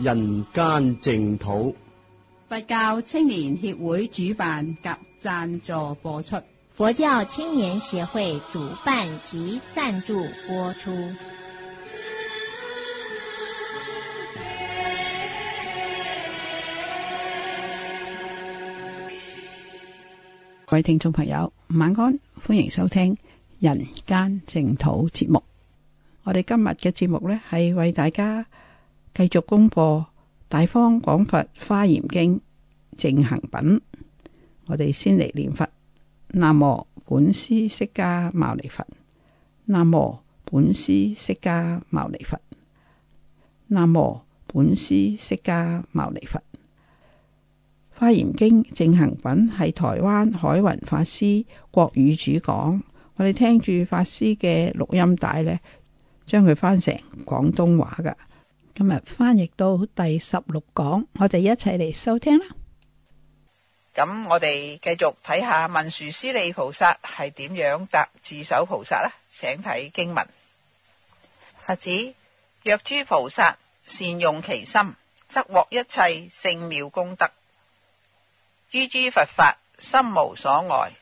人間淨土，佛教青年協會主辦及贊助播出。佛教青年協會主辦及贊助播出。各位聽眾朋友，晚安，歡迎收聽人間淨土節目。我哋今日嘅節目呢，係為大家。繼續公布《大方廣佛花嚴經正行品》，我哋先嚟念佛：南無本師釋迦牟尼佛，南無本師釋迦牟尼佛，南無本師釋迦牟尼佛。花《花嚴經正行品》係台灣海雲法師國語主講，我哋聽住法師嘅錄音帶呢，將佢翻成廣東話噶。今日翻譯到第十六講，我哋一齊嚟收聽啦。咁我哋繼續睇下文殊師利菩薩係點樣答智首菩薩啦，請睇經文。佛、啊、子若諸菩薩善用其心，則獲一切勝妙功德。於諸佛法心無所礙，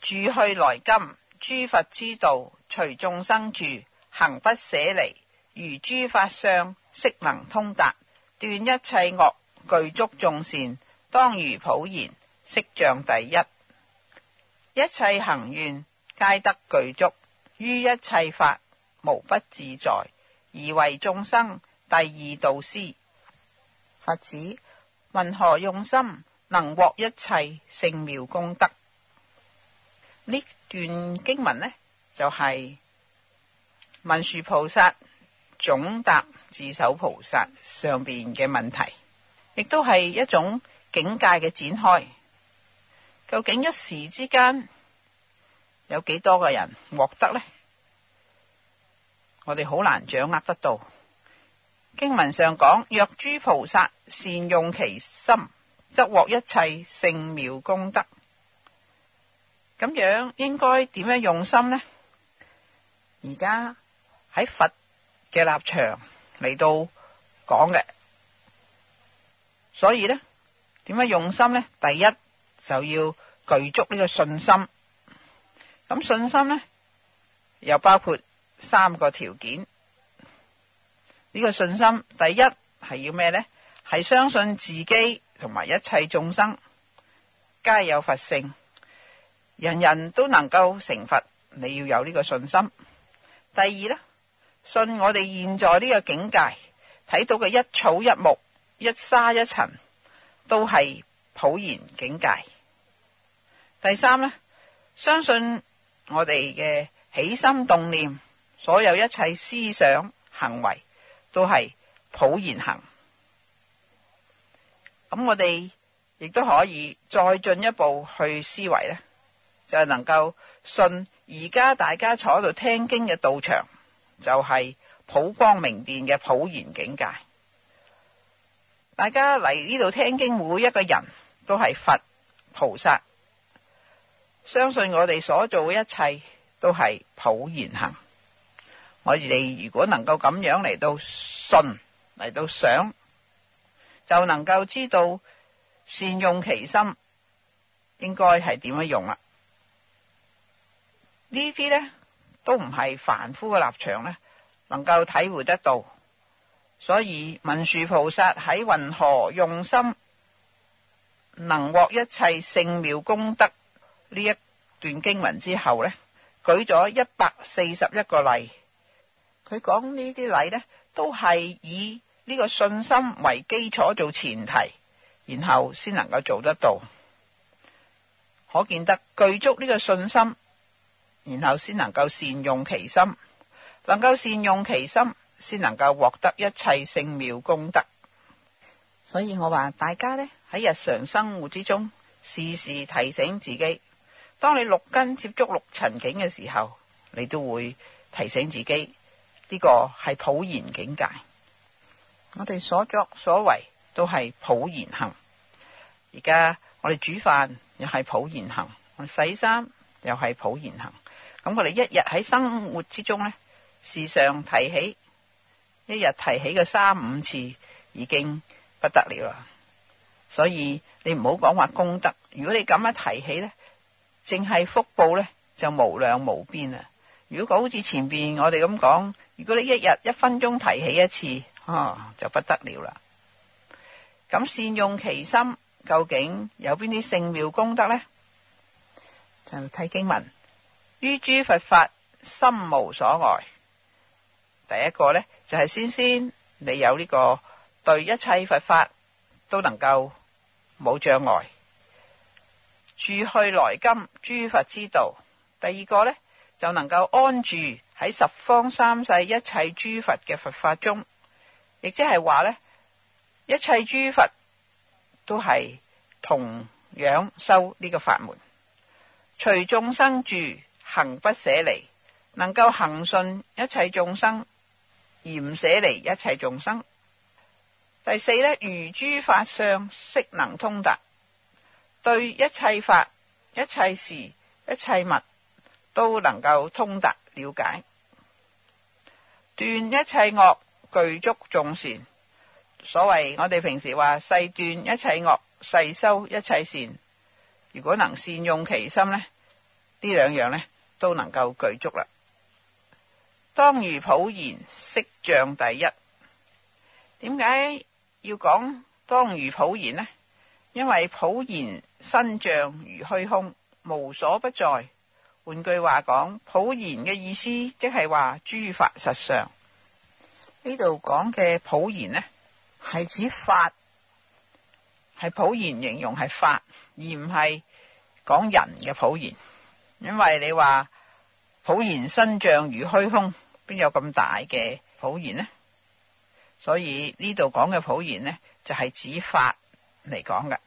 住去來今，諸佛之道隨眾生住，行不捨離，如諸法相。色能通達，斷一切惡，具足眾善，當如普賢色像第一。一切行願皆得具足，於一切法無不自在，而為眾生第二導師。佛子，云何用心能獲一切聖妙功德？呢段經文呢，就係、是、文殊菩薩總答。自守菩薩上邊嘅問題，亦都係一種境界嘅展開。究竟一時之間有幾多個人獲得呢？我哋好難掌握得到。經文上講，若諸菩薩善用其心，則獲一切勝妙功德。咁樣應該點樣用心呢？而家喺佛嘅立場。嚟到講嘅，所以呢點樣用心呢？第一就要具足呢個信心。咁信心呢，又包括三個條件。呢個信心，第一係要咩呢？係相信自己同埋一切眾生皆有佛性，人人都能夠成佛。你要有呢個信心。第二呢。信我哋現在呢個境界，睇到嘅一草一木，一沙一塵，都係普賢境界。第三咧，相信我哋嘅起心動念，所有一切思想行為，都係普賢行。咁我哋亦都可以再進一步去思維呢，就係能夠信而家大家坐喺度聽經嘅道場。就係普光明殿嘅普賢境界，大家嚟呢度聽經，每一個人都係佛菩薩，相信我哋所做嘅一切都係普賢行。我哋如果能夠咁樣嚟到信嚟到想，就能夠知道善用其心應該係點樣用啦。呢啲呢。都唔係凡夫嘅立場呢，能夠體會得到。所以文殊菩薩喺云何用心，能獲一切聖妙功德，呢一段經文之後，呢舉咗一百四十一個例，佢講呢啲例呢，都係以呢個信心為基礎做前提，然後先能夠做得到。可見得具足呢個信心。然後先能夠善用其心，能夠善用其心，先能夠獲得一切聖妙功德。所以我話大家呢，喺日常生活之中，時時提醒自己，當你六根接觸六塵境嘅時候，你都會提醒自己，呢個係普賢境界。我哋所作所為都係普賢行。而家我哋煮飯又係普賢行，我哋洗衫又係普賢行。咁我哋一日喺生活之中呢，時常提起，一日提起個三五次已經不得了啦。所以你唔好講話功德，如果你咁樣提起呢，淨係福報呢，就無量無邊啊！如果好似前邊我哋咁講，如果你一日一分鐘提起一次，哦、啊、就不得了啦。咁善用其心，究竟有邊啲聖妙功德呢？就睇經文。諸諸佛法，心無所礙。第一個呢，就係、是、先先你有呢、這個對一切佛法都能夠冇障礙。住去來今諸佛之道。第二個呢，就能夠安住喺十方三世一切諸佛嘅佛法中，亦即係話呢，一切諸佛都係同樣修呢個法門，隨眾生住。行不捨離，能夠行信一切眾生而唔捨離一切眾生。第四呢，如諸法相，悉能通達，對一切法、一切事、一切物都能夠通達了解，斷一切惡，具足眾善。所謂我哋平時話，誓斷一切惡，誓修一切善。如果能善用其心呢，呢兩樣呢，都能夠具足啦。當如普賢，色像第一。點解要講當如普賢呢？因為普賢身像如虛空，無所不在。換句話講，普賢嘅意思即係話諸法實相。呢度講嘅普賢呢，係指法，係普賢形容係法，而唔係講人嘅普賢。因為你話普賢身像如虛空，邊有咁大嘅普賢呢？所以呢度講嘅普賢呢，就係指法嚟講嘅。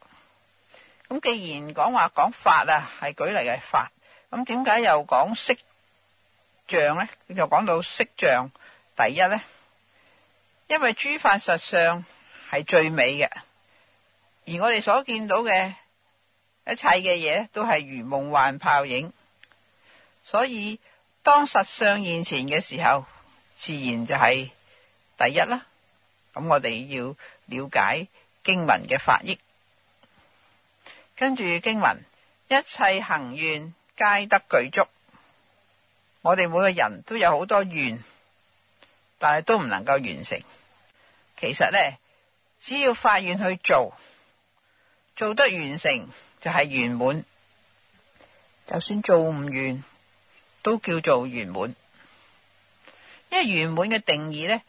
咁既然講話講法啊，係舉例嘅法，咁點解又講色像呢？又講到色像第一呢？因為諸法實相係最美嘅，而我哋所見到嘅一切嘅嘢都係如夢幻泡影。所以當實相現前嘅時候，自然就係第一啦。咁我哋要了解經文嘅法益，跟住經文一切行願皆得具足。我哋每個人都有好多願，但係都唔能夠完成。其實呢，只要發願去做，做得完成就係圓滿，就算做唔完，都叫做圓滿，因為圓滿嘅定義呢，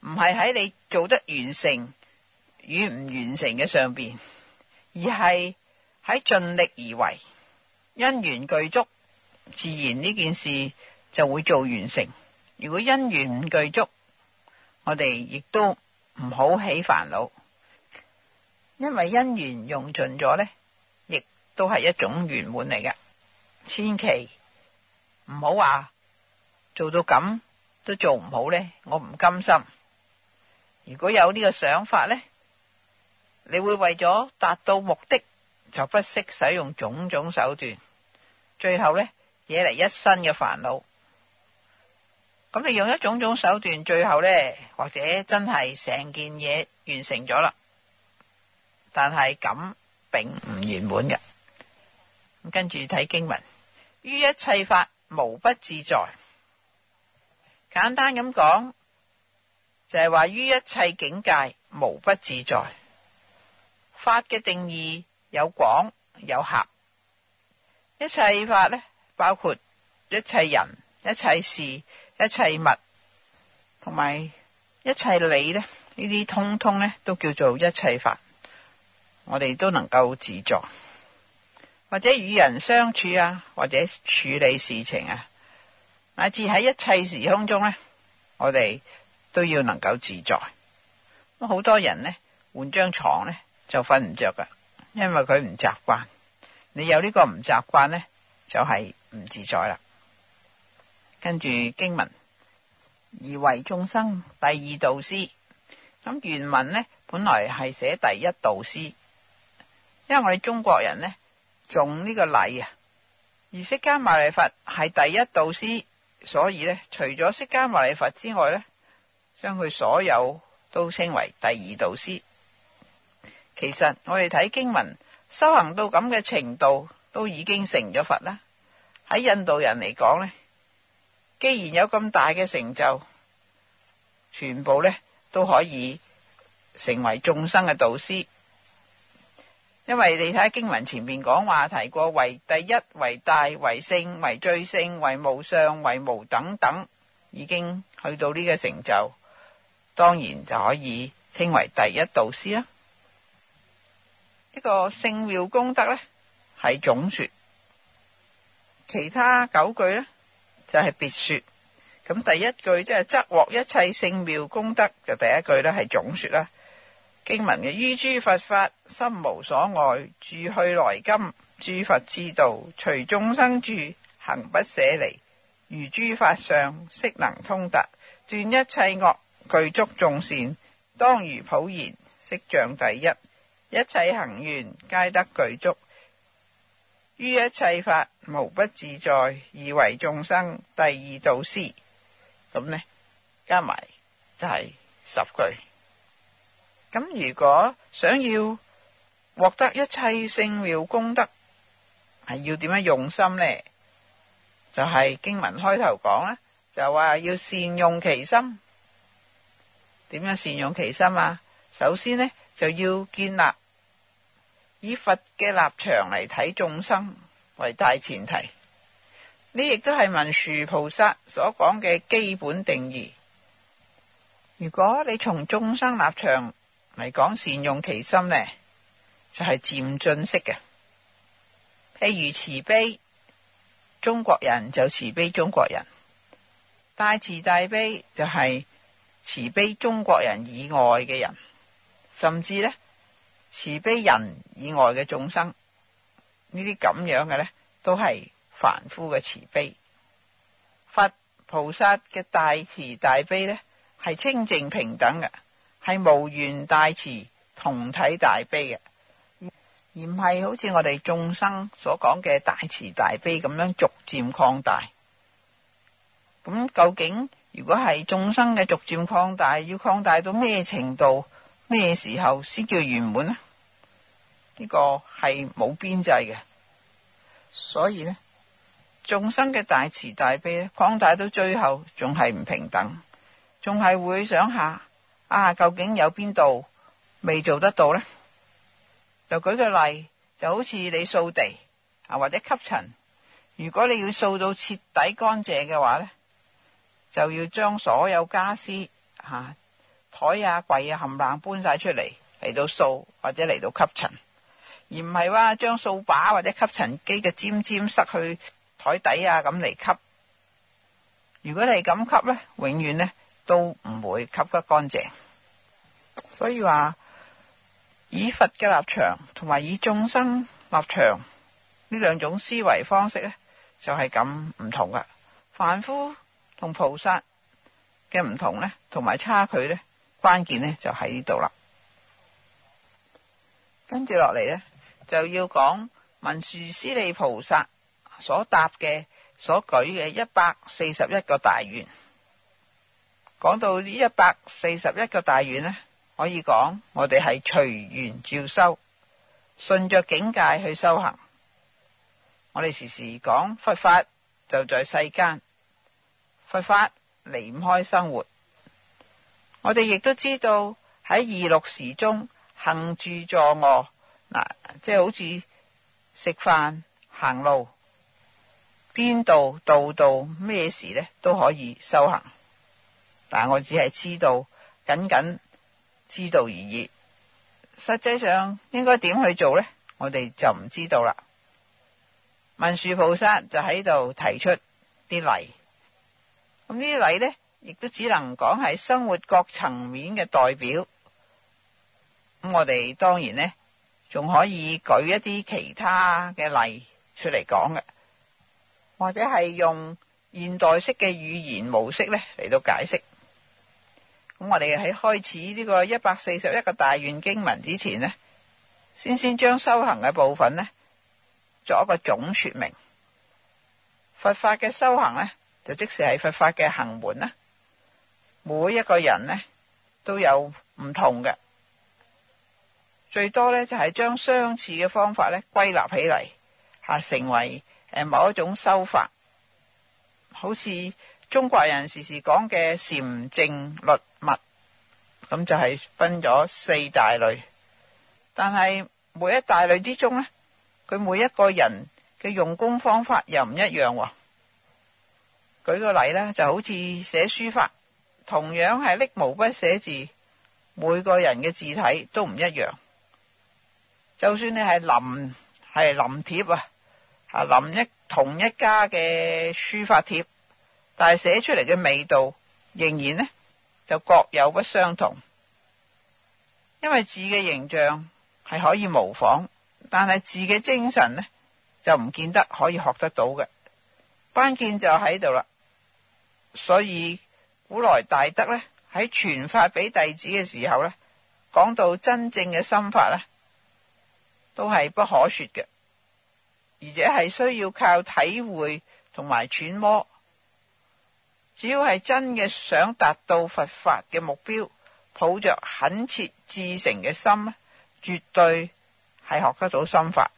唔係喺你做得完成與唔完成嘅上面，而係喺盡力而為，因緣具足，自然呢件事就會做完成。如果因緣唔具足，我哋亦都唔好起煩惱，因為因緣用盡咗呢，亦都係一種圓滿嚟嘅，千祈。唔好話做到咁都做唔好呢，我唔甘心。如果有呢個想法呢，你會為咗達到目的就不惜使用種種手段，最後呢惹嚟一身嘅煩惱。咁你用一種種手段，最後呢或者真係成件嘢完成咗啦，但係咁並唔圓滿嘅。咁跟住睇經文，於一切法。無不自在，簡單咁講，就係話於一切境界無不自在。法嘅定義有廣有狹，一切法呢包括一切人、一切事、一切物，同埋一切理呢呢啲通通呢都叫做一切法，我哋都能夠自在。或者與人相處啊，或者處理事情啊，乃至喺一切時空中呢，我哋都要能夠自在。咁好多人呢，換張床呢就瞓唔着㗎，因為佢唔習慣。你有呢個唔習慣呢，就係唔自在啦。跟住經文而為眾生第二導師，咁原文呢本來係寫第一導師，因為我哋中國人呢。種呢個例啊，而釋迦牟尼佛係第一導師，所以呢，除咗釋迦牟尼佛之外呢，將佢所有都稱為第二導師。其實我哋睇經文，修行到咁嘅程度，都已經成咗佛啦。喺印度人嚟講呢，既然有咁大嘅成就，全部呢都可以成為眾生嘅導師。因為你睇《經文》前面講話提過為第一、為大、為聖、為最聖、為無上、為無等等，已經去到呢個成就，當然就可以稱為第一導師啦。呢個聖妙功德呢係總說，其他九句呢就係別說。咁第一句即係則獲一切聖妙功德，就第一句呢係總說啦。經文嘅，於諸佛法法，心無所愛住，去來今諸佛之道，隨眾生住，行不捨離，於諸法上，色能通達，斷一切惡，具足眾善，當如普賢色像第一一切行願皆得具足，於一切法無不自在，而為眾生第二導師。咁呢，加埋就係十句。咁如果想要獲得一切聖妙功德，係要點樣用心呢？就係經文開頭講啦，就話要善用其心。點樣善用其心啊？首先呢就要建立以佛嘅立場嚟睇眾生為大前提。呢亦都係文殊菩薩所講嘅基本定義。如果你從眾生立場，嚟講善用其心呢，就係漸進式嘅。譬如慈悲，中國人就慈悲中國人，大慈大悲就係慈悲中國人以外嘅人，甚至呢，慈悲人以外嘅眾生，呢啲咁樣嘅呢，都係凡夫嘅慈悲。佛菩薩嘅大慈大悲呢，係清淨平等嘅。係無緣大慈，同體大悲嘅，而唔係好似我哋眾生所講嘅大慈大悲咁樣逐漸擴大。咁究竟如果係眾生嘅逐漸擴大，要擴大到咩程度、咩時候先叫圓滿咧？呢個係冇邊際嘅，所以呢，眾生嘅大慈大悲咧，擴大到最後仲係唔平等，仲係會想下。啊，究竟有邊度未做得到呢？就舉個例，就好似你掃地啊，或者吸塵。如果你要掃到徹底乾淨嘅話呢，就要將所有家私吓台啊、櫃啊、冚唪唥、啊、搬晒出嚟嚟到掃或者嚟到吸塵，而唔係話將掃把或者吸塵機嘅尖尖塞去台底啊咁嚟吸。如果你咁吸呢，永遠呢。都唔會吸得乾淨，所以話以佛嘅立場同埋以，以眾生立場呢兩種思維方式呢，就係咁唔同噶。凡夫同菩薩嘅唔同呢，同埋差距呢，關鍵呢，就喺呢度啦。跟住落嚟呢，就要講文殊師利菩薩所答嘅，所舉嘅一百四十一個大願。講到呢一百四十一個大願，呢可以講我哋係隨緣照修，順着境界去修行。我哋時時講佛法就在世間，佛法離唔開生活。我哋亦都知道喺二六時中行住坐臥嗱，即係好似食飯行路，邊度度度咩事呢都可以修行。但我只係知道，僅僅知道而已。實際上應該點去做呢？我哋就唔知道啦。文殊菩薩就喺度提出啲例，咁呢啲例呢，亦都只能講係生活各層面嘅代表。咁我哋當然呢，仲可以舉一啲其他嘅例出嚟講嘅，或者係用現代式嘅語言模式呢嚟到解釋。咁我哋喺開始呢個一百四十一個大願經文之前呢，先先將修行嘅部分呢做一個總說明。佛法嘅修行呢，就即使係佛法嘅行門啦。每一個人呢都有唔同嘅，最多呢，就係、是、將相似嘅方法呢歸納起嚟，吓成為誒某一種修法，好似中國人時時講嘅禪淨律。咁就係分咗四大類，但係每一大類之中咧，佢每一個人嘅用功方法又唔一樣。舉個例啦，就好似寫書法，同樣係拎毛筆寫字，每個人嘅字體都唔一樣。就算你係臨係臨帖啊，啊臨一同一家嘅書法帖，但係寫出嚟嘅味道仍然咧。就各有不相同，因為字嘅形象係可以模仿，但係字嘅精神呢，就唔見得可以學得到嘅，關鍵就喺度啦。所以古來大德呢，喺傳法俾弟子嘅時候呢，講到真正嘅心法呢，都係不可說嘅，而且係需要靠體會同埋揣摩。只要係真嘅想達到佛法嘅目標，抱着懇切至誠嘅心，絕對係學得到心法。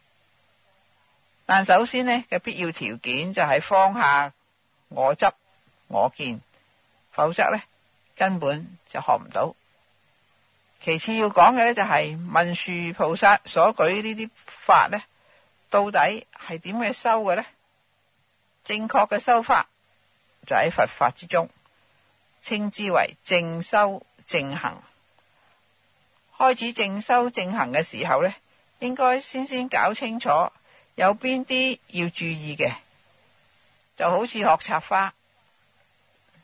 但首先呢，嘅必要條件就係放下我執我見，否則呢，根本就學唔到。其次要講嘅呢，就係文殊菩薩所舉呢啲法呢，到底係點樣修嘅呢？正確嘅修法。就喺佛法之中，稱之為正修正行。開始正修正行嘅時候呢，應該先先搞清楚有邊啲要注意嘅，就好似學插花，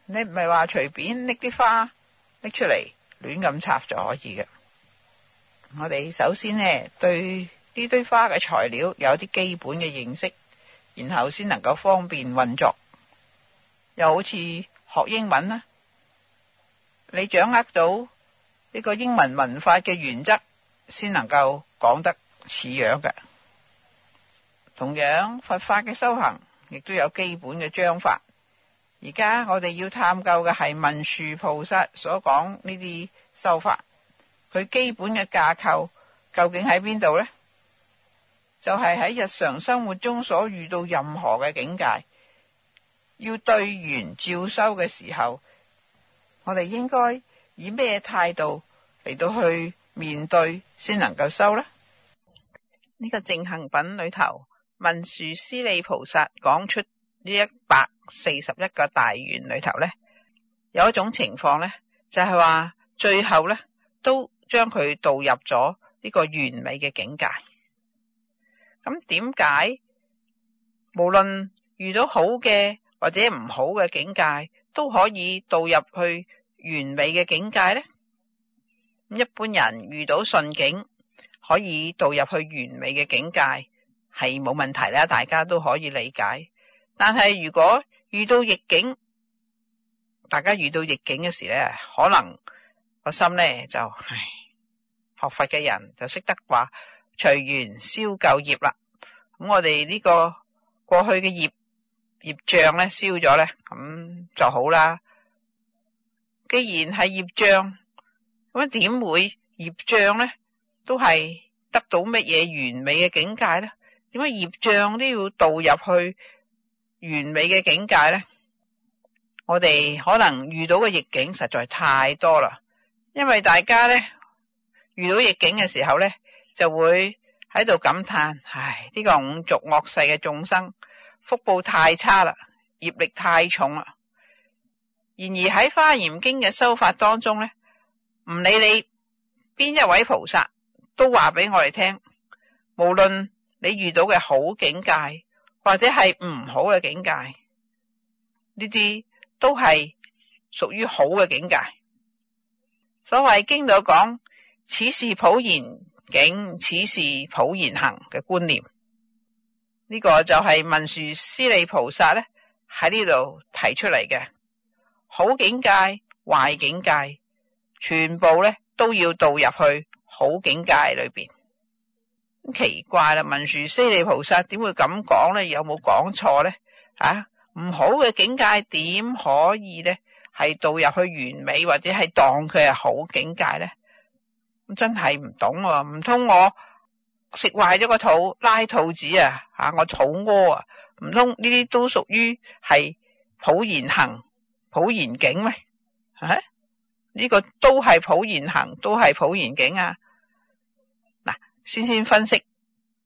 你唔係話隨便拎啲花拎出嚟亂咁插就可以嘅。我哋首先呢，對呢堆花嘅材料有啲基本嘅認識，然後先能夠方便運作。又好似學英文啦，你掌握到呢個英文文法嘅原則，先能夠講得似樣嘅。同樣佛法嘅修行亦都有基本嘅章法。而家我哋要探究嘅係文殊菩薩所講呢啲修法，佢基本嘅架構究竟喺邊度呢？就係喺日常生活中所遇到任何嘅境界。要對完照修嘅時候，我哋應該以咩態度嚟到去面對，先能夠修呢？呢個淨行品裏頭，文殊師利菩薩講出呢一百四十一個大願裏頭呢，有一種情況呢，就係話最後呢都將佢導入咗呢個完美嘅境界。咁點解？無論遇到好嘅。或者唔好嘅境界都可以導入去完美嘅境界呢，一般人遇到順境可以導入去完美嘅境界係冇問題啦，大家都可以理解。但係如果遇到逆境，大家遇到逆境嘅時呢可能個心呢就唉，學佛嘅人就識得話隨緣燒舊業啦。咁我哋呢個過去嘅業。業障咧燒咗咧，咁就好啦。既然係業障，咁點會業障咧？都係得到乜嘢完美嘅境界咧？點解業障都要導入去完美嘅境界咧？我哋可能遇到嘅逆境實在太多啦，因為大家咧遇到逆境嘅時候咧，就會喺度感嘆，唉，呢個五濁惡世嘅眾生。福報太差啦，業力太重啦。然而喺《華嚴經》嘅修法當中咧，唔理你邊一位菩薩都話俾我哋聽，無論你遇到嘅好境界或者係唔好嘅境界，呢啲都係屬於好嘅境界。所謂經就講，此是普賢境，此是普賢行嘅觀念。呢個就係文殊師利菩薩咧喺呢度提出嚟嘅好境界、壞境界，全部咧都要導入去好境界裏邊。奇怪啦，文殊師利菩薩點會咁講咧？有冇講錯咧？啊，唔好嘅境界點可以咧係導入去完美或者係當佢係好境界咧？真係唔懂喎，啊，唔通我？食壞咗個肚，拉肚子啊！吓，我肚屙啊，唔通呢啲都屬於係普賢行、普賢境咩？啊，呢個都係普賢行，都係普賢境啊！嗱，先先分析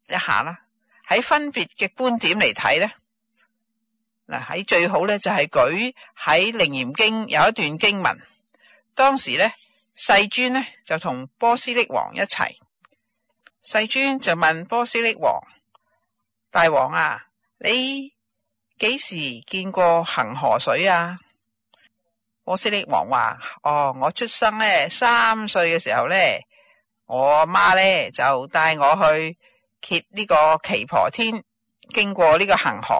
一下啦。喺分別嘅觀點嚟睇咧，嗱喺最好咧就係舉喺《楞嚴經》有一段經文，當時咧世尊咧就同波斯匿王一齊。世尊就問波斯匿王：大王啊，你幾時見過恒河水啊？波斯匿王話：哦，我出生咧，三歲嘅時候咧，我媽咧就帶我去揭呢個奇婆天，經過呢個恒河，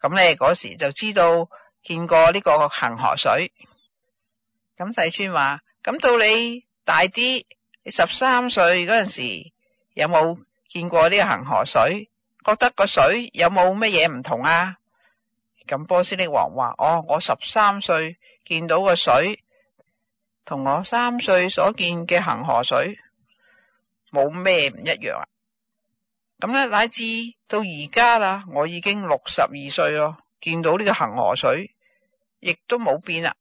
咁咧嗰時就知道見過呢個恒河水。咁、嗯、世尊話：咁、嗯、到你大啲，你十三歲嗰陣時。有冇見過呢個恒河水？覺得個水有冇乜嘢唔同啊？咁波斯匿王話：哦，我十三歲見到個水，同我三歲所見嘅恒河水冇咩唔一樣啊！咁咧，乃至到而家啦，我已經六十二歲咯，見到呢個恒河水，亦都冇變啦，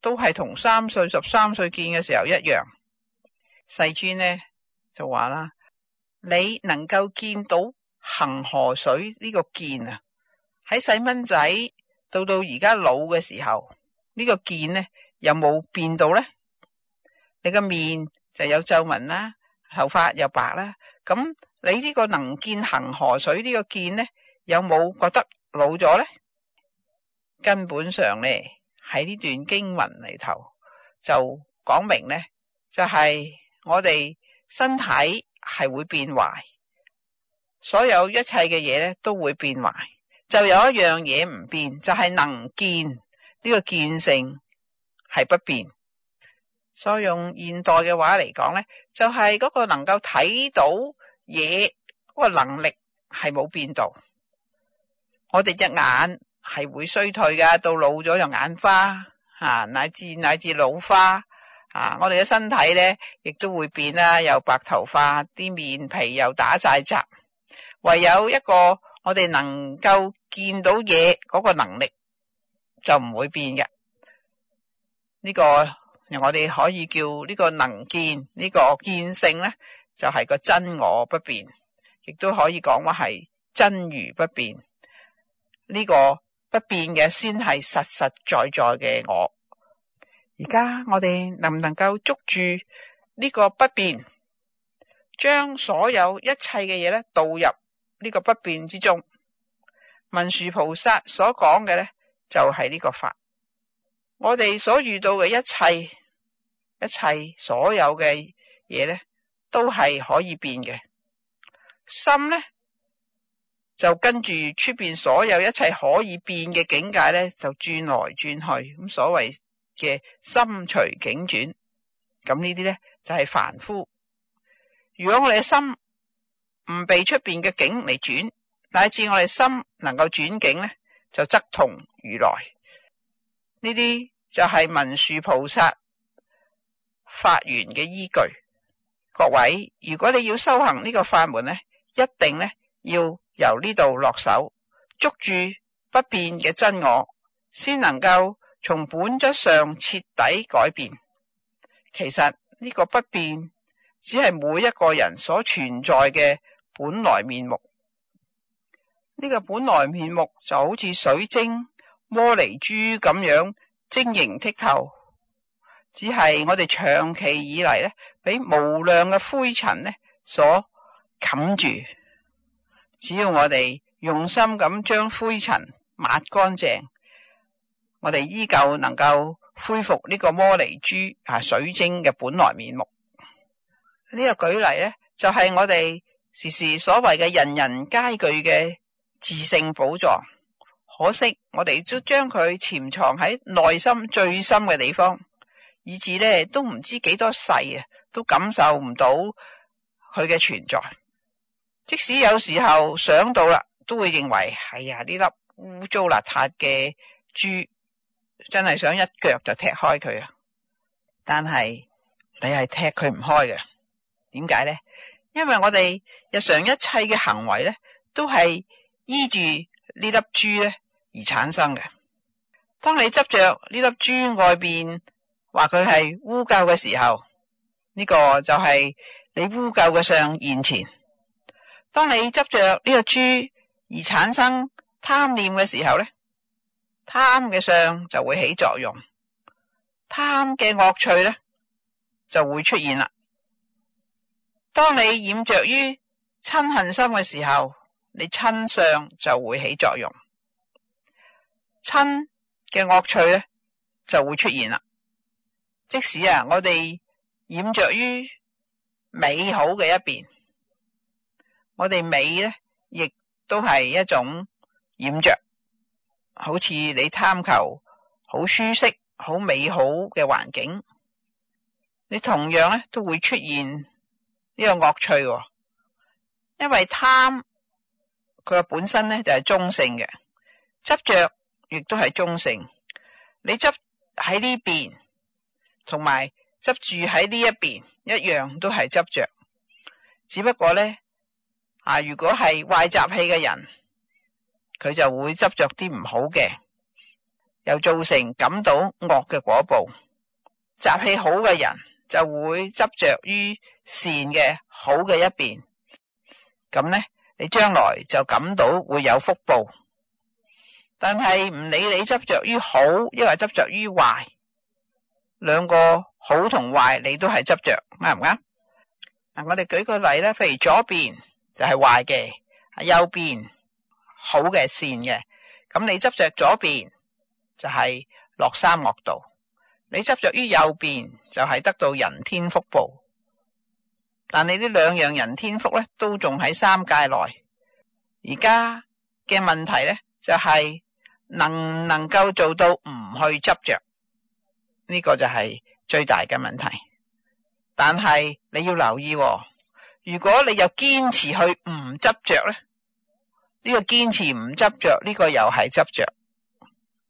都係同三歲、十三歲見嘅時候一樣。世尊呢就話啦。你能夠見到恆河水呢個見啊，喺細蚊仔到到而家老嘅時候，這個、呢個見呢，有冇變到呢？你個面就有皺紋啦，頭髮又白啦。咁你呢個能見恆河水呢個見呢，有冇覺得老咗呢？根本上呢，喺呢段經文裏頭，就講明呢，就係、是、我哋身體。係會變壞，所有一切嘅嘢咧，都會變壞。就有一樣嘢唔變，就係、是、能見呢、呢個見性係不變。所以用現代嘅話嚟講咧，就係、是、嗰個能夠睇到嘢嗰個能力係冇變到。我哋隻眼係會衰退㗎，到老咗就眼花啊，乃至乃至老花。啊！我哋嘅身體咧，亦都會變啦，又白頭髮，啲面皮又打晒雜。唯有一個，我哋能夠見到嘢嗰個能力，就唔會變嘅。呢個我哋可以叫呢個能見，呢個見性咧，就係個真我不變，亦都可以講話係真如不變。呢個不變嘅，先係實實在在嘅我。而家我哋能唔能夠捉住呢個不變，將所有一切嘅嘢咧導入呢個不變之中？文殊菩薩所講嘅咧就係呢個法。我哋所遇到嘅一切、一切、所有嘅嘢咧，都係可以變嘅。心咧就跟住出邊所有一切可以變嘅境界咧，就轉來轉去。咁所謂，嘅心隨境轉，咁呢啲咧就係凡夫。如果我哋嘅心唔被出邊嘅境嚟轉，乃至我哋心能夠轉境咧，就則同如來。呢啲就係文殊菩薩法源嘅依據。各位，如果你要修行呢個法門咧，一定咧要由呢度落手，捉住不變嘅真我，先能夠。從本質上徹底改變，其實呢個不變，只係每一個人所存在嘅本來面目。呢、這個本來面目就好似水晶、摩尼珠咁樣晶瑩剔透，只係我哋長期以嚟咧，俾無量嘅灰塵咧所冚住。只要我哋用心咁將灰塵抹乾淨。我哋依舊能夠恢復呢個摩尼珠啊，水晶嘅本來面目。呢、這個舉例咧，就係、是、我哋時時所謂嘅人人皆具嘅自性寶藏。可惜我哋都將佢潛藏喺內心最深嘅地方，以至咧都唔知幾多世啊，都感受唔到佢嘅存在。即使有時候想到啦，都會認為係啊，呢粒污糟邋遢嘅珠。真係想一腳就踢開佢啊！但係你係踢佢唔開嘅，點解咧？因為我哋日常一切嘅行為咧，都係依住呢粒珠咧而產生嘅。當你執着呢粒珠外邊，話佢係污垢嘅時候，呢個就係你污垢嘅相現前。當你執着呢個珠而產生貪念嘅時候咧？貪嘅相就會起作用，貪嘅惡趣咧就會出現啦。當你染著於親恨心嘅時候，你親相就會起作用，親嘅惡趣咧就會出現啦。即使啊，我哋染著於美好嘅一邊，我哋美咧亦都係一種染著。好似你貪求好舒適、好美好嘅環境，你同樣咧都會出現呢個樂趣。因為貪佢嘅本身咧就係中性嘅，執着亦都係中性。你執喺呢邊，同埋執住喺呢一邊，一樣都係執着。只不過咧，啊，如果係壞習氣嘅人。佢就會執着啲唔好嘅，又造成感到惡嘅果報。習氣好嘅人就會執着於善嘅好嘅一邊，咁呢，你將來就感到會有福報。但係唔理你執着於好，一係執着於壞，兩個好同壞你都係執着，啱唔啱？嗱，我哋舉個例咧，譬如左邊就係壞嘅，右邊，好嘅線嘅，咁你執着左邊就係、是、落三惡道；你執着於右邊就係、是、得到人天福報。但你呢兩樣人天福咧，都仲喺三界內。而家嘅問題咧，就係、是、能唔能夠做到唔去執着？呢、這個就係最大嘅問題。但係你要留意、哦，如果你又堅持去唔執着咧。呢個堅持唔執着，呢個又係執着，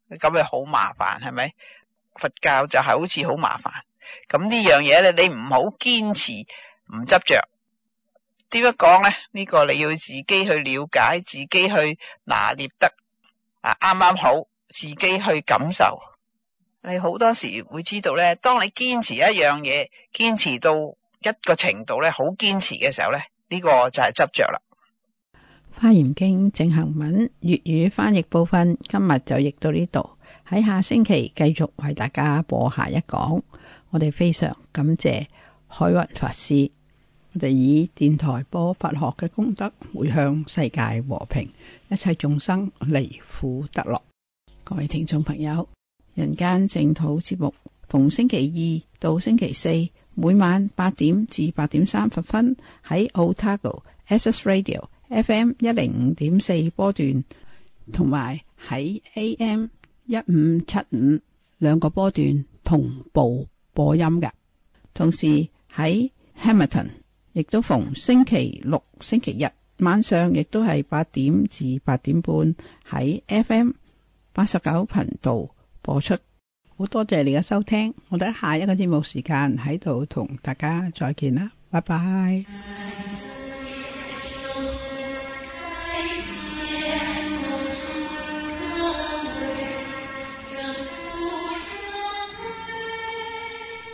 咁咪好麻煩係咪？佛教就係好似好麻煩，咁呢樣嘢咧，你唔好堅持唔執着，點樣講咧？呢個你要自己去了解，自己去拿捏得啊，啱啱好，自己去感受。你好多時會知道咧，當你堅持一樣嘢，堅持到一個程度咧，好堅持嘅時候咧，呢個就係執着啦。《華嚴經》正行文粵語翻譯部分，今日就譯到呢度。喺下星期繼續為大家播下一講。我哋非常感謝海雲法師。我哋以電台播佛學嘅功德，回向世界和平，一切眾生離苦得樂。各位聽眾朋友，人間淨土節目逢星期二到星期四，每晚八點至八點三十分喺 Otago 奧塔哥 Access Radio。F.M. 一零五點四波段，同埋喺 A.M. 一五七五兩個波段同步播音嘅。同時喺 Hamilton，亦都逢星期六、星期日晚上，上，亦都係八點至八點半喺 F.M. 八十九頻道播出。好多謝你嘅收聽，我哋下一個節目時間喺度同大家再見啦，拜拜。